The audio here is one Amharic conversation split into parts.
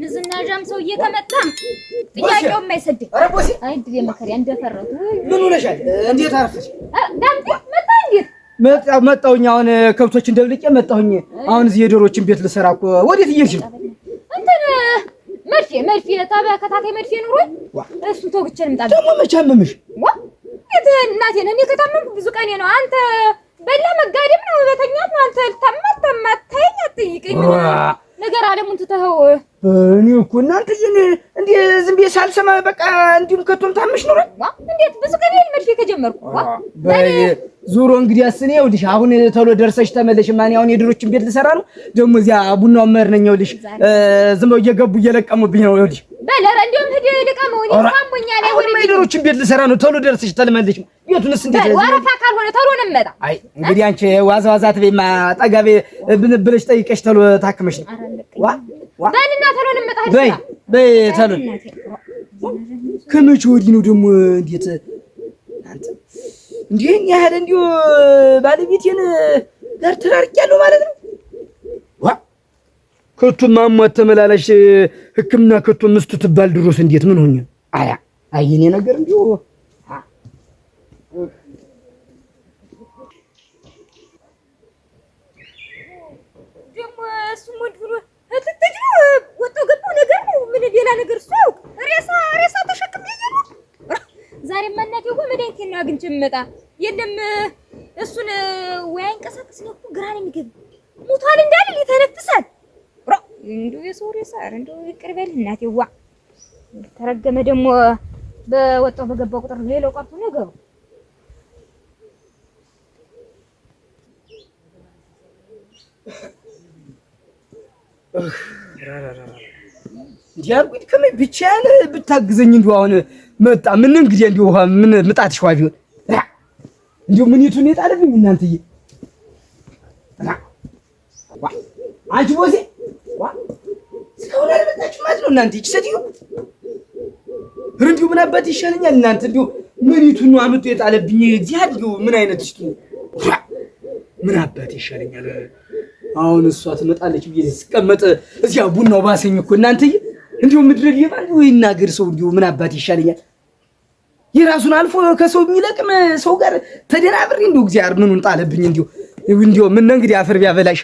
ንዝናዣም ሰውዬ ከመጣ ጥያቄውን አይሰድም። አይ ድሬ መከሪያ እንደፈራሁት ምን ሆነሻል? እንዴት አረፈች? መጣሁኝ። አሁን ከብቶችን ደብልቄ መጣሁኝ። አሁን እዚህ የዶሮችን ቤት ልሰራ እኮ። ወዴት እየሄድሽ ነው? እንትን መድፌ መድፌ መድፌ ኑሮ እሱ ተወግቼ ደግሞ። መቼ አመመሽ? የት እኔ ከታመምኩ ብዙ ቀኔ ነው። አንተ በላ መጋደም ነው አንተ ተይኝ፣ አትጠይቀኝ ነገር አለሙን ትተኸው እኔ እኮ እናንተዬ እንደ ዝም ብዬ ሳልሰማ በቃ እንዲሁም ከቶም ታምሽ ኖረ። እንዴት ብዙ ቀን ልመድፌ ከጀመርኩ ዙሮ እንግዲህ አስኔ ይኸውልሽ አሁን ቶሎ ደርሰሽ ተመለሽ። ማን አሁን የድሮችን ቤት ልሰራ ነው ደግሞ እዚያ ቡና መር ነኝ። ይኸውልሽ ዝም ብለው እየገቡ እየለቀሙብኝ ነው። ይኸውልሽ በለረ እንዲሁም ሂድ ልቀመው እኔ ታሞኛል። አሁን የድሮችን ቤት ልሰራ ነው። ቶሎ ደርሰሽ ተመለሽ። ቤቱንስ እንዴት ወረፋ ካልሆነ ቶሎ ነው የምመጣ። አይ እንግዲህ አንቺ ዋዛ ዋዛ ትቤማ ጠጋቤ ብንብለሽ ጠይቀሽ ቶሎ ታክመሽ ነው ዋ በልና ተሎ ልመጣ በይ በይ ተሎ ከመቼ ወዲህ ነው ደግሞ እንዴት አንተ እንዴ ያህል እንዲሁ ባለቤቴን ጋር ተራርቄያለሁ ማለት ነው ዋ ከቱም አሟት ተመላላሽ ህክምና ከቱም ምስቱ ትባል ድሮስ እንዴት ምን ሆኜ አያ አይ የኔ ነገር እንዲሁ ደግሞ እሱም ወንድ ብሎ ወጣ ገባው ነገር ነው። ምን ሌላ ነገር እሱ አያውቅም። ሬሳ ሬሳ ተሸክሜ እየሄድኩ ዛሬማ እናቴ እኮ መድኃኒቴን ነው አግኝቼ የምመጣ የለም እሱን ወይ አይንቀሳቀስ ነው እኮ ግራ ነው የሚገባ። ሙቷል እንዳልል ይተነፍሳል። እንደው የሰው ሬሳ እንደው ይቅር በል እናቴ ተረገመ ደግሞ በወጣው በገባው ቁጥር ሌላው ቀርቶ ነገሩ እንዲያርጉኝ ከምን ብቻዬን ብታግዘኝ እንዲሁ አሁን መጣ። ምን እንግዲህ እንዲሁ ምን ምጣት ሸዋ ቢሆን እንዲሁ ምን ይቱን የጣለብኝ እናንተዬ። አንቺ ቦሴ እስካሁን አልመጣችም ማለት ነው እናንተ። ይቺ ሴትዮ እንዲሁ ምን አባት ይሻለኛል እናንተ። እንዲሁ ምን ይቱን አመጡ የጣለብኝ። እግዚአብሔር ምን አይነት ይስጡ። ምን አባት ይሻለኛል አሁን እሷ ትመጣለች ብዬ ሲቀመጥ እዚያ ቡናው ባሰኝ እኮ እናንተዬ። እንዲሁ ምድረ ሊባል ወይ እናገር ሰው እንዲሁ ምን አባት ይሻለኛል? የራሱን አልፎ ከሰው የሚለቅም ሰው ጋር ተደራብሬ እንዲሁ እግዚአብሔር ምኑን ጣለብኝ። እንዲሁ እንዲሁ ምን ነው እንግዲህ አፈር ቢያበላሽ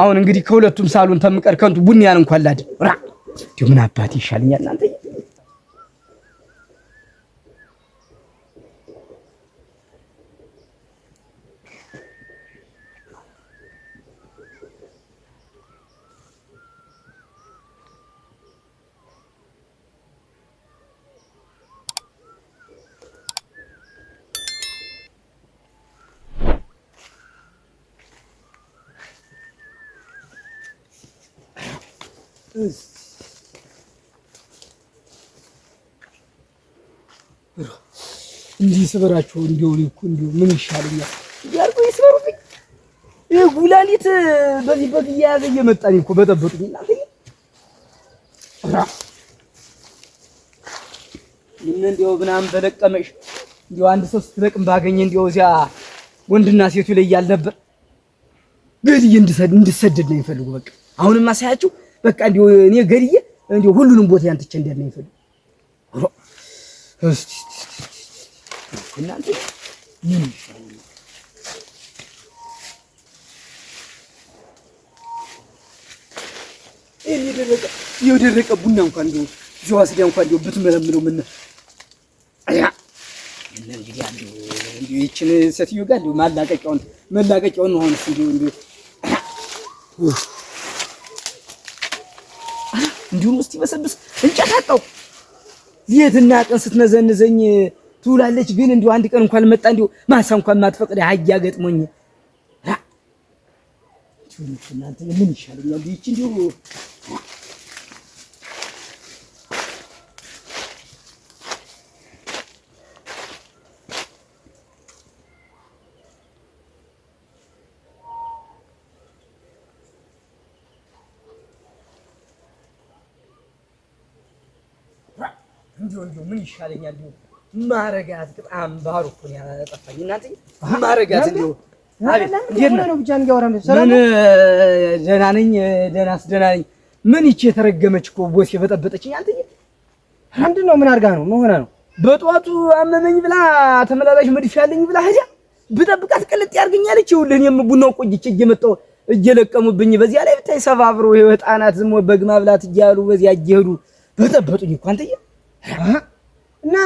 አሁን እንግዲህ ከሁለቱም ሳሉን ተምቀር ከንቱ ቡኒያን እንኳን ላድ ራ እንዲሁ ምን አባት ይሻለኛል እናንተዬ እንዲህ ስበራቸው እኮ እንዲሁ ምን ይሻለኛል እያልኩ ይስበሩብኝ። ይህ ጉላሊት በዚህ በግ እየያዘ እኮ በጠበጡኝ እና ምን ምናምን በለቀመሽ አንድ ሰው ስትለቅም ባገኘ እዚያ ወንድና ሴቱ ይለያል ግድ እንድሰደድ ነው የሚፈልጉ በቃ አሁንማ በቃ እንዲሁ እኔ ገድዬ እንዲሁ ሁሉንም ቦታ ያንትቼ እንደት ነው የሚፈልግ እናንተ ምን የደረቀ ቡና እንኳን እንዲሁ እዚሁ አስዳ እንኳን እንዲሁ ብትመለምለው ምን አያ እንግዲህ አንዱ እንዲሁ ይችን ሴትዮ ጋር እንዲሁ ማላቀቂያውን መላቀቂያውን ሆነስ እንዲሁ እንዲሁ እንዲሁም እስቲ በሰብስ እንጨት አጣው የትና ቀን ስትነዘንዘኝ ትውላለች። ግን እንዲሁ አንድ ቀን እንኳን መጣ እንዲሁ ማሳ እንኳን ማትፈቅድ አህያ ገጥሞኝ ራ ምን ይሻለኛል? ይቺ እንዲሁ እንዲሁ እንዲሁ ምን ይሻለኛል ቢሆን ማረጋት በጣም ባህሩ እኮ ነው ያጠፋኝ። እናንተ ማረጋት እንዲሁ ደህና ነኝ፣ ደህናስ ደህና ነኝ። ምን ይቺ የተረገመች እኮ ቦሴ በጠበጠችኝ። አንተ ምንድን ነው ምን አድርጋ ነው ምን ሆነ ነው? አመመኝ ብላ ተመላላሽ መድፍ ያለኝ ብላ ብጠብቃት ቅልጥ ያርገኛለች። ይኸውልህ እኔም ቡናው ቆይቼ እየመጣሁ እየለቀሙብኝ በዚያ ላይ ብታይ ሰባብሮ ህፃናት ዝም እያሉ በዚያ እየሄዱ በጠበጡኝ እኮ አንተዬ እና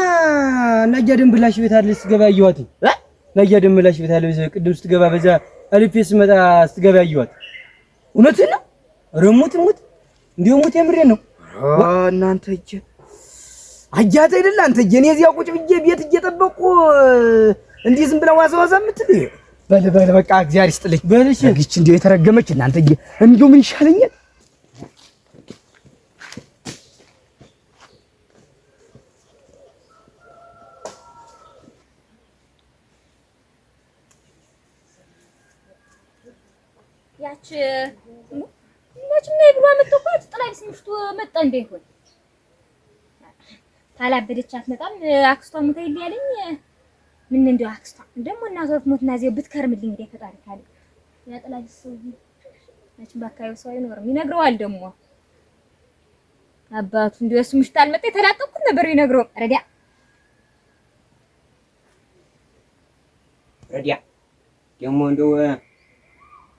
ነጃ ደንብላሽ ቤት አለች ስትገባ አየኋት። ነጃ ደንብላሽ ቤት አለች ቅድም ስትገባ በዛ አልፌ ስመጣ ስትገባ አየኋት። እውነትህን ነው? ኧረ ሙት እንዲሁ ሙት የምሬን ነው። እናንተ እጄ አያት አይደለ አንተ እጄ እኔ እዚያ ቁጭ ብዬ ቤት እየጠበቁ እንዲህ ዝም ብላ ዋዛ ዋዛ የምትል በል በል በቃ እግዚአብሔር ይስጥልኝ በልሽ ግች እንዲሁ የተረገመች እናንተ እጄ እንዲሁ ምን ይሻለኛል ያች መችና የብሏ መጥቷት ጥላይስ ምሽቱ መጣ እንዳይሆን ካላበደች አትመጣም። አክስቷ ሙታ ይል ያለኝ ምን እንደው አክስቷ ደግሞ እናቷ ሞትና እዚያው ብትከርምልኝ እንደ ፈጣሪ ካለ ያ ጥላይስ መቼም በአካባቢው ሰው አይኖርም። ይነግረዋል ደግሞ አባቱ እንደው እሱ አልመጣ የተላቀኩት ነበር ይነግረው ረዲያ ረዲያ ደግሞ እንደው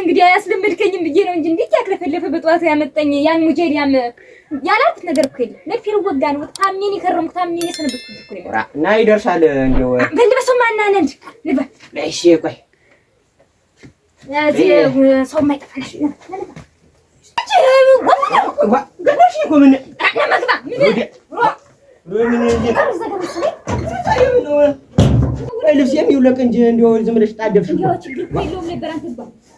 እንግዲህ አያስለመድከኝም ብዬ ነው እንጂ እንዴት ያክለፈለፈ በጠዋቱ ያመጣኝ ያን ሙጀል ያም ያላት ነገር እኮ የለም። ነድፊር ወጋ ነው ታምኔን የከረምኩ ታምኔን የሰነበትኩት እኮ ነው። ና ይደርሳል። እንደው በል በሰው ማናነድ ልበ እሺ፣ ቆይ እዚህ ሰው የማይጠፋልሽ ገዳሽ እኮ ምን ነመግባ ምን ልብስ የሚውለቅ እንጂ እንደው ዝም ብለሽ ጣደፍሽ ችግር የለውም ነበር አንተ